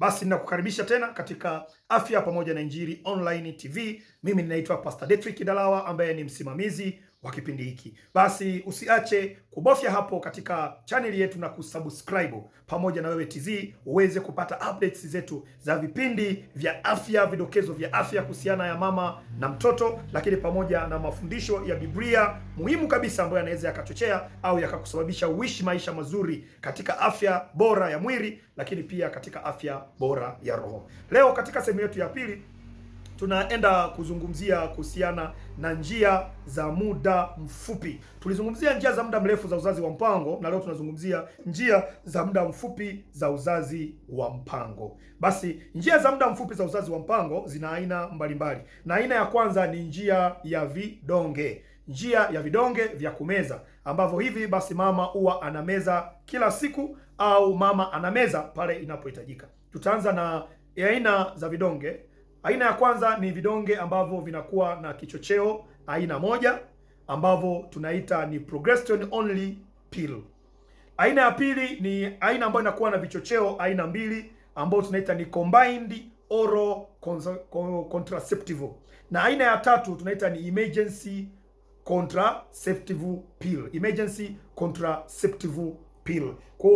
Basi ninakukaribisha tena katika Afya Pamoja na Injili Online TV. Mimi ninaitwa Pastor Detrick Dalawa ambaye ni msimamizi wa kipindi hiki. Basi usiache kubofya hapo katika chaneli yetu na kusubscribe pamoja na wewe TZ uweze kupata updates zetu za vipindi vya afya, vidokezo vya afya kuhusiana ya mama na mtoto, lakini pamoja na mafundisho ya Biblia muhimu kabisa ambayo yanaweza yakachochea au yakakusababisha uishi maisha mazuri katika afya bora ya mwili, lakini pia katika afya bora ya roho. Leo katika sehemu yetu ya pili tunaenda kuzungumzia kuhusiana na njia za muda mfupi. Tulizungumzia njia za muda mrefu za uzazi wa mpango, na leo tunazungumzia njia za muda mfupi za uzazi wa mpango. Basi njia za muda mfupi za uzazi wa mpango zina aina mbalimbali, na aina ya kwanza ni njia ya vidonge, njia ya vidonge vya kumeza ambavyo hivi basi mama huwa anameza kila siku au mama anameza pale inapohitajika. Tutaanza na aina za vidonge Aina ya kwanza ni vidonge ambavyo vinakuwa na kichocheo aina moja ambavyo tunaita ni progesterone only pill. Aina ya pili ni aina ambayo inakuwa na vichocheo aina mbili ambayo tunaita ni combined oral contraceptive, na aina ya tatu tunaita ni emergency contraceptive pill, emergency contraceptive pill. Kwa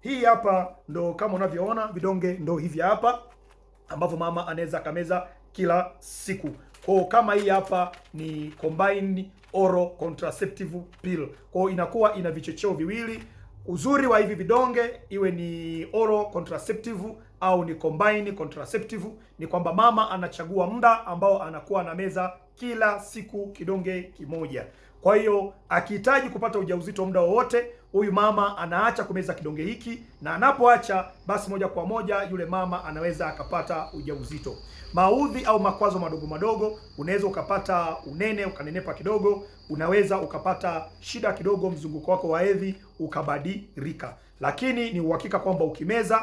hii hapa ndo kama unavyoona vidonge ndo hivi hapa ambavyo mama anaweza akameza kila siku. Kwa kama hii hapa ni combined oral contraceptive pill. Kwa inakuwa ina vichocheo viwili. Uzuri wa hivi vidonge iwe ni oral contraceptive au ni combined contraceptive ni kwamba mama anachagua muda ambao anakuwa anameza kila siku kidonge kimoja. Kwa hiyo akihitaji kupata ujauzito muda wowote huyu mama anaacha kumeza kidonge hiki, na anapoacha basi moja kwa moja yule mama anaweza akapata ujauzito. Maudhi au makwazo madogo madogo, unaweza ukapata unene ukanenepa kidogo, unaweza ukapata shida kidogo, mzunguko wako wa hedhi ukabadilika, lakini ni uhakika kwamba ukimeza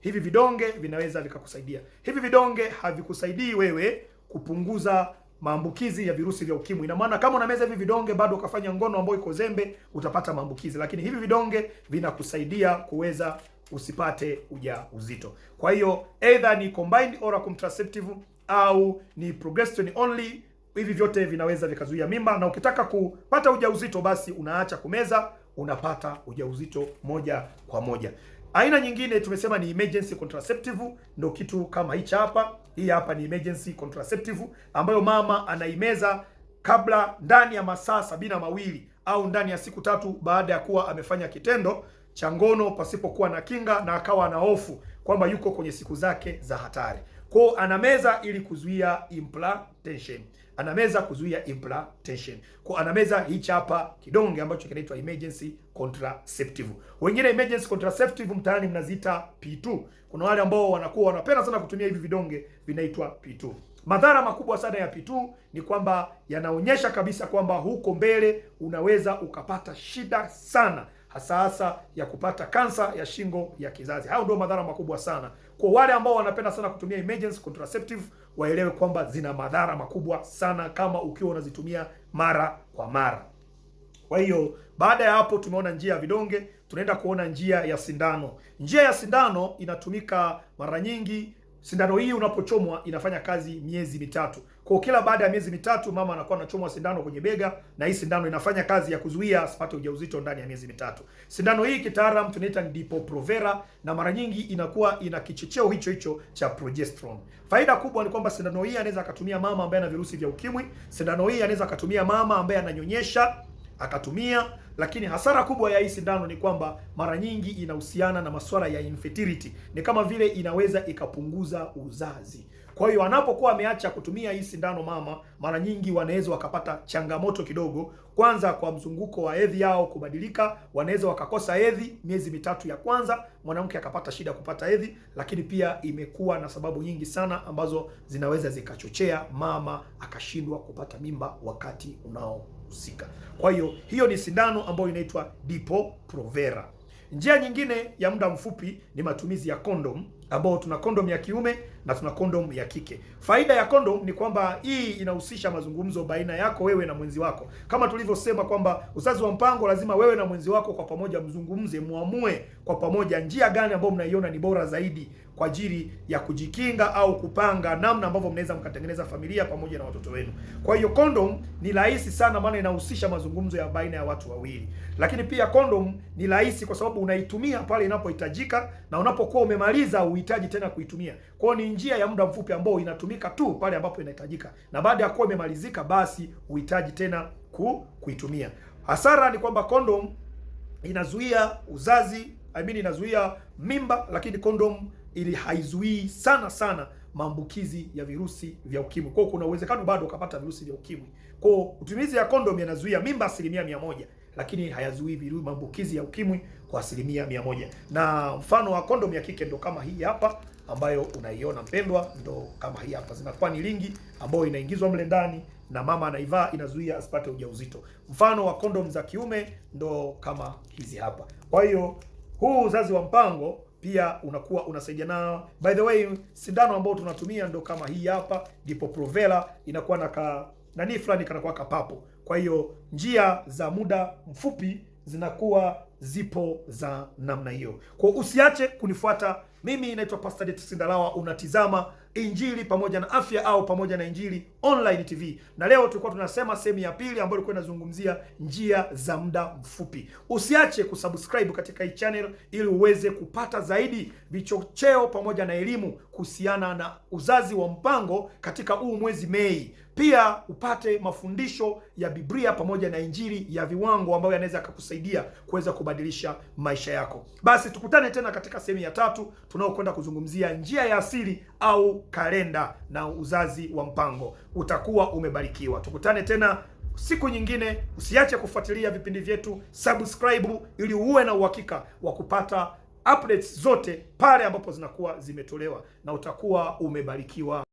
hivi vidonge vinaweza vikakusaidia. Hivi vidonge havikusaidii wewe kupunguza maambukizi ya virusi vya ukimwi. Ina maana kama unameza hivi vidonge bado ukafanya ngono ambayo iko zembe, utapata maambukizi, lakini hivi vidonge vinakusaidia kuweza usipate ujauzito. Kwa hiyo either ni combined oral contraceptive au ni progesterone only. Hivi vyote vinaweza vikazuia mimba, na ukitaka kupata ujauzito basi unaacha kumeza, unapata ujauzito moja kwa moja. Aina nyingine tumesema ni emergency contraceptive, ndio kitu kama hicho hapa hii hapa ni emergency contraceptive ambayo mama anaimeza kabla ndani ya masaa sabini na mawili au ndani ya siku tatu baada ya kuwa amefanya kitendo cha ngono pasipokuwa na kinga na akawa na hofu kwamba yuko kwenye siku zake za hatari. Kwao anameza ili kuzuia implantation, anameza kuzuia implantation. Kwao anameza hichi hapa kidonge ambacho kinaitwa emergency contraceptive. Wengine emergency contraceptive mtaani mnaziita P2. Kuna wale ambao wanakuwa wanapenda sana kutumia hivi vidonge vinaitwa P2. Madhara makubwa sana ya P2 ni kwamba yanaonyesha kabisa kwamba huko mbele unaweza ukapata shida sana, hasa hasa ya kupata kansa ya shingo ya kizazi. Hayo ndio madhara makubwa sana. Kwa wale ambao wanapenda sana kutumia emergency contraceptive waelewe kwamba zina madhara makubwa sana kama ukiwa unazitumia mara kwa mara. Kwa hiyo baada ya hapo, tumeona njia ya vidonge, tunaenda kuona njia ya sindano. Njia ya sindano inatumika mara nyingi Sindano hii unapochomwa inafanya kazi miezi mitatu. Kwa kila baada ya miezi mitatu mama anakuwa anachomwa sindano kwenye bega, na hii sindano inafanya kazi ya kuzuia asipate ujauzito ndani ya miezi mitatu. Sindano hii kitaalamu tunaita Depo-provera na mara nyingi inakuwa ina kichocheo hicho hicho cha progesterone. Faida kubwa ni kwamba sindano hii anaweza akatumia mama ambaye ana virusi vya ukimwi, sindano hii anaweza akatumia mama ambaye ananyonyesha akatumia lakini hasara kubwa ya hii sindano ni kwamba mara nyingi inahusiana na masuala ya infertility, ni kama vile inaweza ikapunguza uzazi. Kwa hiyo anapokuwa ameacha kutumia hii sindano mama, mara nyingi wanaweza wakapata changamoto kidogo, kwanza kwa mzunguko wa hedhi yao kubadilika. Wanaweza wakakosa hedhi miezi mitatu ya kwanza, mwanamke akapata shida kupata hedhi, lakini pia imekuwa na sababu nyingi sana ambazo zinaweza zikachochea mama akashindwa kupata mimba wakati unao husika. Kwa hiyo hiyo ni sindano ambayo inaitwa Depo-provera. Njia nyingine ya muda mfupi ni matumizi ya kondom, ambao tuna kondom ya kiume na tuna kondom ya kike. Faida ya kondom ni kwamba hii inahusisha mazungumzo baina yako wewe na mwenzi wako, kama tulivyosema kwamba uzazi wa mpango lazima wewe na mwenzi wako kwa pamoja mzungumze, muamue kwa pamoja njia gani ambayo mnaiona ni bora zaidi kwa ajili ya kujikinga au kupanga namna ambavyo mnaweza mkatengeneza familia pamoja na watoto wenu. Kwa hiyo kondom ni rahisi sana, maana inahusisha mazungumzo ya baina ya watu wawili. Lakini pia kondom ni rahisi kwa sababu unaitumia pale inapohitajika, na unapokuwa umemaliza uhitaji tena kuitumia. Kwa hiyo ni njia ya muda mfupi ambao inatumika tu pale ambapo inahitajika, na baada ya kuwa imemalizika, basi uhitaji tena ku, kuitumia. Hasara ni kwamba kondom inazuia uzazi I mean inazuia mimba, lakini kondom ili haizuii sana sana maambukizi ya virusi vya ukimwi. Kwa hiyo kuna uwezekano bado ukapata virusi vya ukimwi. Kwa hiyo utumizi ya kondomu yanazuia mimba asilimia mia moja lakini hayazuii virusi maambukizi ya ukimwi kwa asilimia mia moja. Na mfano wa kondomu ya kike ndo kama hii hapa ambayo unaiona mpendwa, ndo kama hii hapa, zinakuwa ni lingi ambayo inaingizwa mle ndani na mama anaivaa, inazuia asipate ujauzito. Mfano wa kondomu za kiume ndo kama hizi hapa. Kwa hiyo huu uzazi wa mpango pia unakuwa unasaidia na By the way, sindano ambayo tunatumia ndo kama hii hapa, ndipo Provela inakuwa na ka nani fulani kanakuwa kapapo. Kwa hiyo njia za muda mfupi zinakuwa zipo za namna hiyo, kwa usiache kunifuata. Mimi naitwa Pastor Det Sindalawa, unatizama Injili pamoja na Afya au pamoja na Injili Online TV, na leo tulikuwa tunasema sehemu ya pili ambayo ilikuwa inazungumzia njia za muda mfupi. Usiache kusubscribe katika hii channel ili uweze kupata zaidi vichocheo pamoja na elimu kuhusiana na uzazi wa mpango katika huu mwezi Mei. Pia upate mafundisho ya Biblia pamoja na Injili ya viwango ambayo yanaweza yakakusaidia kuweza kubadilisha maisha yako. Basi tukutane tena katika sehemu ya tatu tunaokwenda kuzungumzia njia ya asili au kalenda na uzazi wa mpango. Utakuwa umebarikiwa. Tukutane tena siku nyingine. Usiache kufuatilia vipindi vyetu, subscribe ili uwe na uhakika wa kupata updates zote pale ambapo zinakuwa zimetolewa, na utakuwa umebarikiwa.